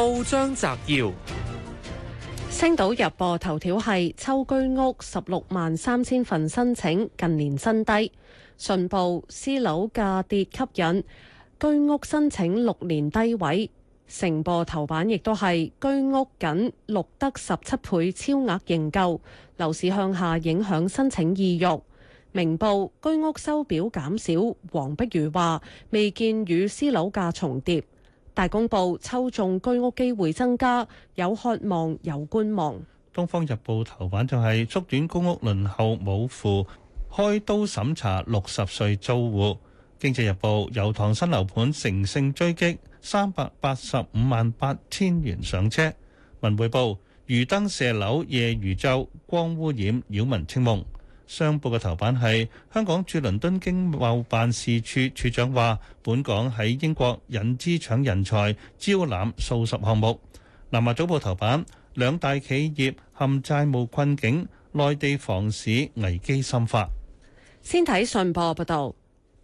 報章摘要：星島日報頭條係抽居屋十六萬三千份申請近年新低，信報私樓價跌吸引居屋申請六年低位，成報頭版亦都係居屋僅錄得十七倍超額認購，樓市向下影響申請意欲。明報居屋收表減少，黃碧如話未見與私樓價重疊。大公報抽中居屋機會增加，有渴望，有觀望。《東方日報》頭版就係縮短公屋輪候冇符，開刀審查六十歲租戶。《經濟日報》油塘新樓盤乘勝追擊，三百八十五萬八千元上車。《文匯報》漁燈射樓夜如晝，光污染擾民清夢。商報嘅頭版係香港駐倫敦經貿辦事處處處長話，本港喺英國引資搶人才，招攬數十項目。南華早報頭版，兩大企業陷債務困境，內地房市危機深化。先睇信報報道。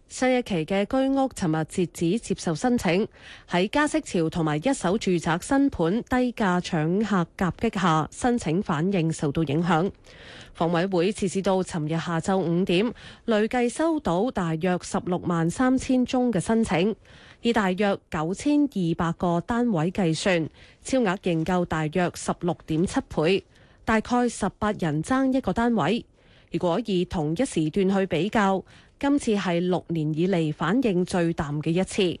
新一期嘅居屋，尋日截止接受申請。喺加息潮同埋一手住宅新盤低價搶客夾擊下，申請反應受到影響。房委會截至到尋日下晝五點，累計收到大約十六萬三千宗嘅申請，以大約九千二百個單位計算，超額認購大約十六點七倍，大概十八人爭一個單位。如果以同一時段去比較，今次係六年以嚟反應最淡嘅一次。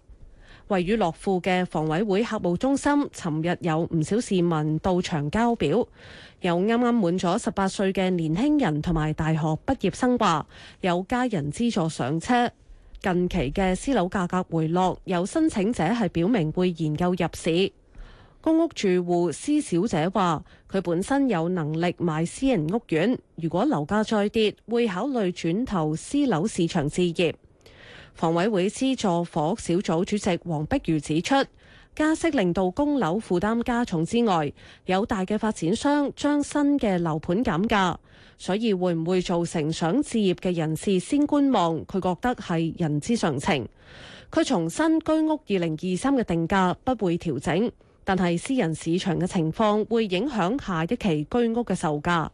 位於樂富嘅房委會客戶中心，尋日有唔少市民到場交表。有啱啱滿咗十八歲嘅年輕人同埋大學畢業生話有家人資助上車。近期嘅私樓價格回落，有申請者係表明會研究入市。公屋住戶施小姐話，佢本身有能力買私人屋苑，如果樓價再跌，會考慮轉投私樓市場置業。房委會資助房屋小組主席黃碧如指出，加息令到供樓負擔加重之外，有大嘅發展商將新嘅樓盤減價，所以會唔會造成想置業嘅人士先觀望？佢覺得係人之常情。佢重申，居屋二零二三嘅定價不會調整。但係私人市場嘅情況會影響下一期居屋嘅售價。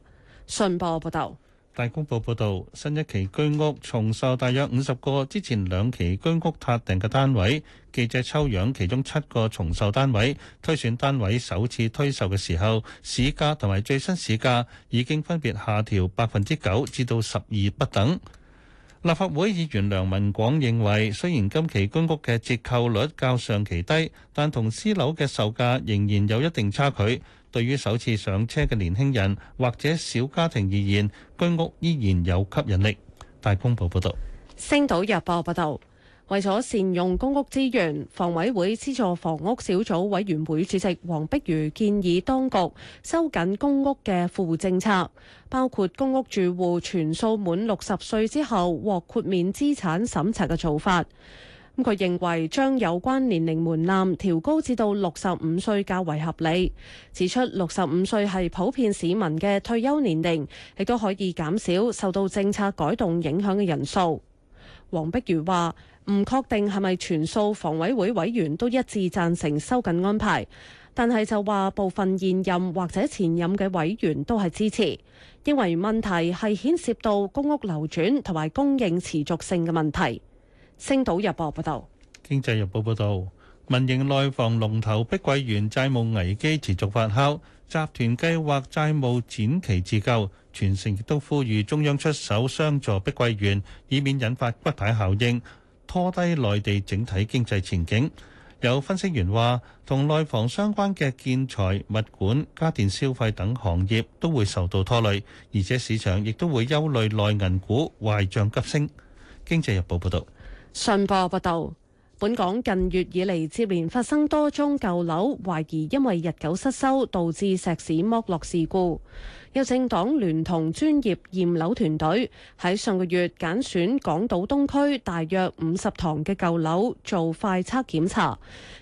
信報報道，大公報報道，新一期居屋重售大約五十個之前兩期居屋撻訂嘅單位。記者抽樣其中七個重售單位，推選單位首次推售嘅時候，市價同埋最新市價已經分別下調百分之九至到十二不等。立法會議員梁文廣認為，雖然今期居屋嘅折扣率較上期低，但同私樓嘅售價仍然有一定差距。對於首次上車嘅年輕人，或者小家庭而言，居屋依然有吸引力。大公報報道。星島日報報道。為咗善用公屋資源，房委會資助房屋小組委員會主席黃碧如建議，當局收緊公屋嘅富戶政策，包括公屋住戶全數滿六十歲之後獲豁免資產審查嘅做法。咁佢認為將有關年齡門檻調高至到六十五歲較為合理，指出六十五歲係普遍市民嘅退休年齡，亦都可以減少受到政策改動影響嘅人數。黃碧如話。唔確定係咪全數房委會委員都一致贊成收緊安排，但係就話部分現任或者前任嘅委員都係支持，因為問題係牽涉到公屋流轉同埋供應持續性嘅問題。星島日報報道。經濟日報報道，民營內房龍頭碧桂園債務危機持續發酵，集團計劃債務展期自救，全城亦都呼籲中央出手相助碧桂園，以免引發骨牌效應。拖低內地整體經濟前景，有分析員話，同內房相關嘅建材、物管、家電消費等行業都會受到拖累，而且市場亦都會憂慮內銀股壞帳急升。經濟日報報導。信報報道。本港近月以嚟，接連發生多宗舊樓懷疑因為日久失修導致石屎剝落事故，有政黨聯同專業驗樓團隊喺上個月揀選港島東區大約五十堂嘅舊樓做快測檢查，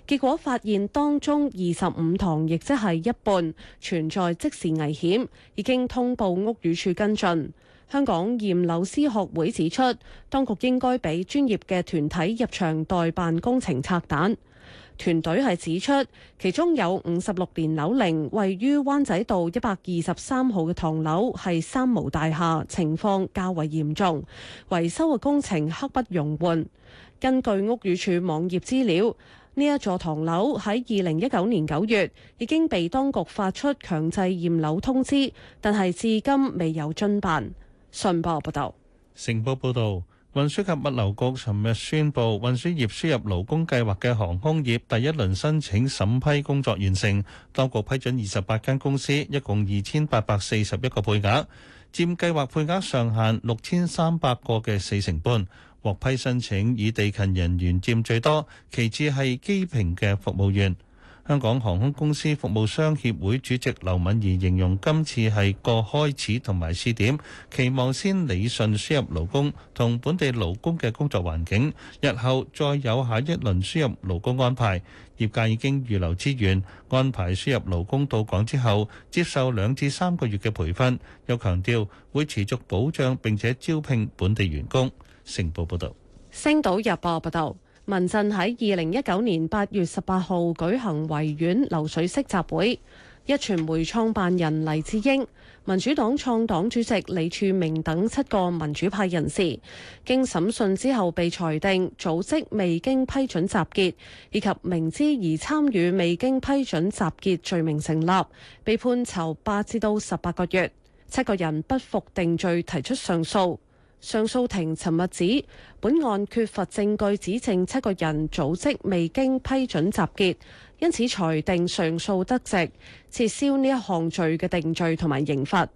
結果發現當中二十五堂，亦即係一半存在即時危險，已經通報屋宇署跟進。香港驗樓師學會指出，當局應該俾專業嘅團體入場代辦工程拆彈。團隊係指出，其中有五十六年樓齡，位於灣仔道一百二十三號嘅唐樓係三毛大廈，情況較為嚴重，維修嘅工程刻不容緩。根據屋宇署網頁資料，呢一座唐樓喺二零一九年九月已經被當局發出強制驗樓通知，但係至今未有遵辦。信報報道，成報報道，運輸及物流局尋日宣布，運輸業輸入勞工計劃嘅航空業第一輪申請審批工作完成，當局批准二十八間公司，一共二千八百四十一個配額，佔計劃配額上限六千三百個嘅四成半。獲批申請以地勤人員佔最多，其次係機坪嘅服務員。香港航空公司服務商協會主席劉敏儀形容今次係個開始同埋試點，期望先理順輸入勞工同本地勞工嘅工作環境，日後再有下一輪輸入勞工安排。業界已經預留資源安排輸入勞工到港之後接受兩至三個月嘅培訓，又強調會持續保障並且招聘本地員工。成報報道，星島日報報道。民陣喺二零一九年八月十八號舉行維園流水式集會，壹傳媒創辦人黎智英、民主黨創黨主席李柱銘等七個民主派人士，經審訊之後被裁定組織未經批准集結以及明知而參與未經批准集結罪名成立，被判囚八至到十八個月。七個人不服定罪提出上訴。上訴庭尋日指，本案缺乏證據指證七個人組織未經批准集結，因此裁定上訴得直，撤銷呢一項罪嘅定罪同埋刑罰。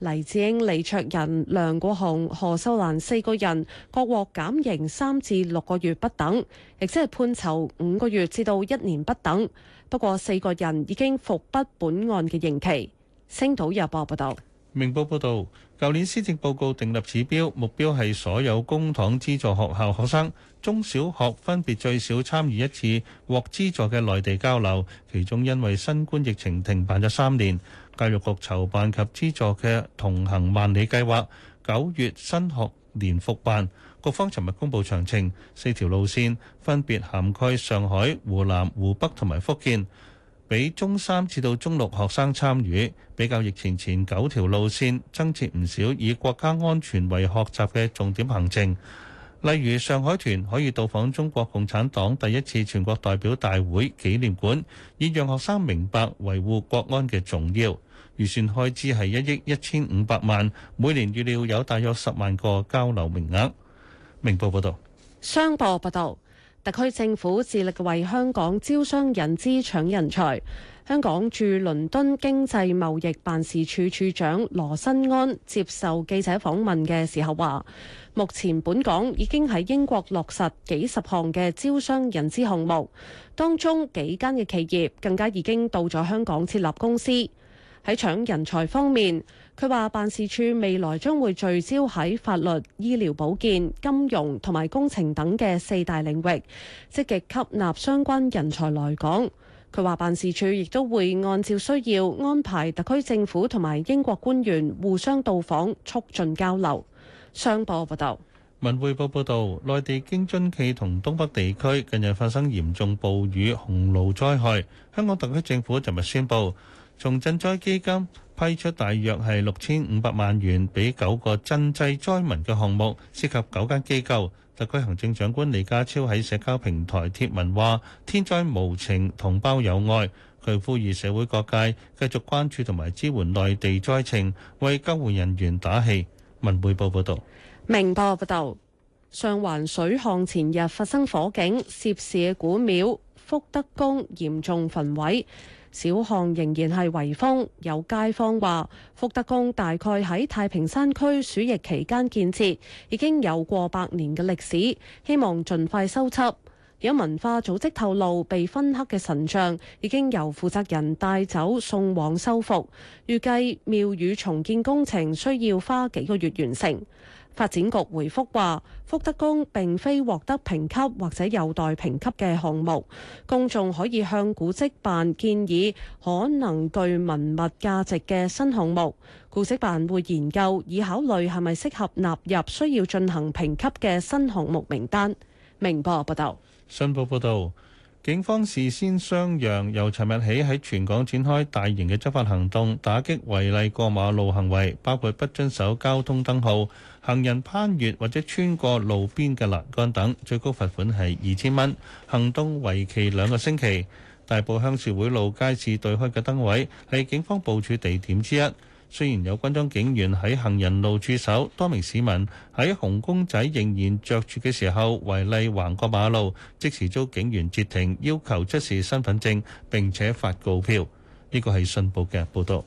黎智英、李卓仁、梁國雄、何秀蘭四個人各獲減刑三至六個月不等，亦即係判囚五個月至到一年不等。不過四個人已經服畢本案嘅刑期。星島日報報道，明報報道。舊年施政報告訂立指標，目標係所有公帑資助學校學生，中小學分別最少參與一次獲資助嘅內地交流，其中因為新冠疫情停辦咗三年，教育局籌辦及資助嘅「同行萬里」計劃，九月新學年復辦，局方尋日公布詳情，四條路線分別涵蓋上海、湖南、湖北同埋福建。俾中三至到中六學生參與，比較疫情前九條路線增設唔少以國家安全為學習嘅重點行程，例如上海團可以到訪中國共產黨第一次全國代表大會紀念館，以讓學生明白維護國安嘅重要。預算開支係一億一千五百萬，每年預料有大約十萬個交流名額。明報報道。商報報導。特區政府致力為香港招商引資搶人才。香港駐倫敦經濟貿易辦事處處長羅新安接受記者訪問嘅時候話，目前本港已經喺英國落實幾十項嘅招商引資項目，當中幾間嘅企業更加已經到咗香港設立公司。喺搶人才方面。佢話：辦事處未來將會聚焦喺法律、醫療保健、金融同埋工程等嘅四大領域，積極吸納相關人才來港。佢話：辦事處亦都會按照需要安排特區政府同埋英國官員互相到訪，促進交流。商報報道：「文匯報報道，內地京津冀同東北地區近日發生嚴重暴雨洪澇災害，香港特區政府尋日宣布從賑災基金。批出大約係六千五百萬元俾九個賑濟災民嘅項目，涉及九間機構。特區行政長官李家超喺社交平台貼文話：天災無情，同胞有愛。佢呼籲社會各界繼續關注同埋支援內地災情，為救援人員打氣。文匯報報導。明報報導，上環水巷前日發生火警，涉事嘅古廟福德宮嚴重焚毀。小巷仍然係圍封，有街坊話：福德宮大概喺太平山區鼠疫期間建設，已經有過百年嘅歷史，希望盡快修葺。有文化組織透露，被燻黑嘅神像已經由負責人帶走送往修復，預計廟宇重建工程需要花幾個月完成。發展局回覆話：福德宮並非獲得評級或者有待評級嘅項目，公眾可以向古蹟辦建議可能具文物價值嘅新項目，古蹟辦會研究以考慮係咪適合納入需要進行評級嘅新項目名單。明報報道。信報報導。警方事先相讓，由尋日起喺全港展開大型嘅執法行動，打擊違例過馬路行為，包括不遵守交通燈號、行人攀越或者穿過路邊嘅欄杆等，最高罰款係二千蚊。行動為期兩個星期。大埔鄉事會路街市對開嘅燈位係警方部署地點之一。雖然有軍裝警員喺行人路駐守，多名市民喺紅公仔仍然著住嘅時候，違例橫過馬路，即時遭警員截停，要求出示身份證並且發告票。呢個係信報嘅報導。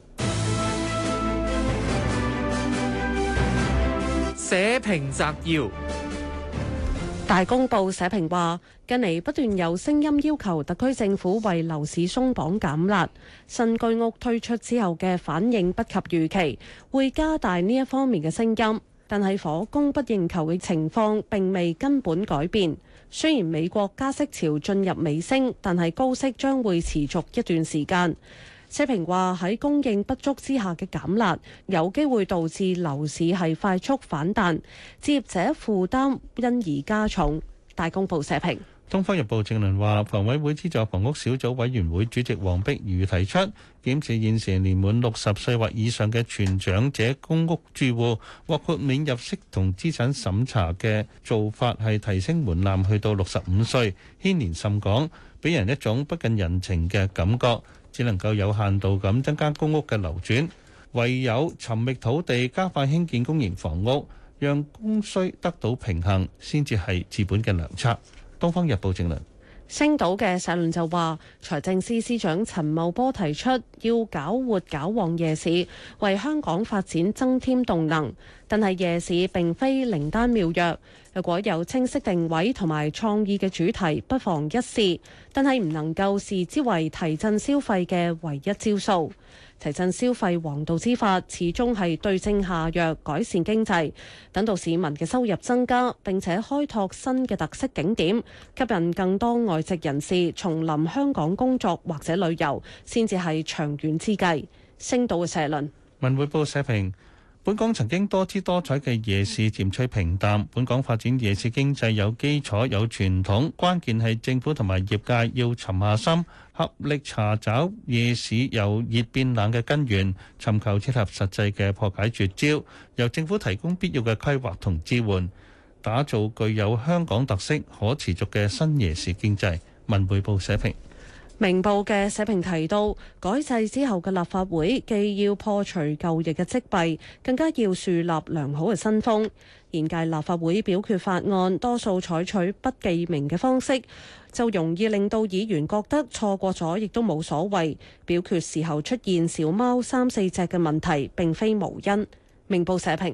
寫評摘要。大公報社評話：近嚟不斷有聲音要求特區政府為樓市鬆綁減辣，新居屋推出之後嘅反應不及預期，會加大呢一方面嘅聲音。但係供不應求嘅情況並未根本改變。雖然美國加息潮進入尾聲，但係高息將會持續一段時間。社評話喺供應不足之下嘅減辣，有機會導致樓市係快速反彈，置業者負擔因而加重。大公報社評。《東方日報》正論話，房委會資助房屋小組委員會主席黃碧如提出檢視現時年滿六十歲或以上嘅全長者公屋住戶或豁免入息同資產審查嘅做法，係提升門檻去到六十五歲，牽連甚廣，俾人一種不近人情嘅感覺。只能夠有限度咁增加公屋嘅流轉，唯有尋覓土地，加快興建公營房屋，讓供需得到平衡，先至係治本嘅良策。《東方日報》正論。星島嘅社論就話，財政司司長陳茂波提出要搞活搞旺夜市，為香港發展增添動能。但係夜市並非靈丹妙藥，如果有清晰定位同埋創意嘅主題，不妨一試。但係唔能夠視之為提振消費嘅唯一招數。提振消費黃道之法，始終係對症下藥，改善經濟。等到市民嘅收入增加，並且開拓新嘅特色景點，吸引更多外籍人士重臨香港工作或者旅遊，先至係長遠之計。星島嘅社論。文匯報社評。本港曾經多姿多彩嘅夜市漸趨平淡。本港發展夜市經濟有基礎、有傳統，關鍵係政府同埋業界要沉下心，合力查找夜市由熱變冷嘅根源，尋求切合實際嘅破解絕招。由政府提供必要嘅規劃同支援，打造具有香港特色、可持續嘅新夜市經濟。文匯報社評。明報嘅社評提到，改制之後嘅立法會既要破除舊日嘅積弊，更加要樹立良好嘅新風。現屆立法會表決法案，多數採取不記名嘅方式，就容易令到議員覺得錯過咗亦都冇所謂。表決時候出現小貓三四隻嘅問題，並非無因。明報社評。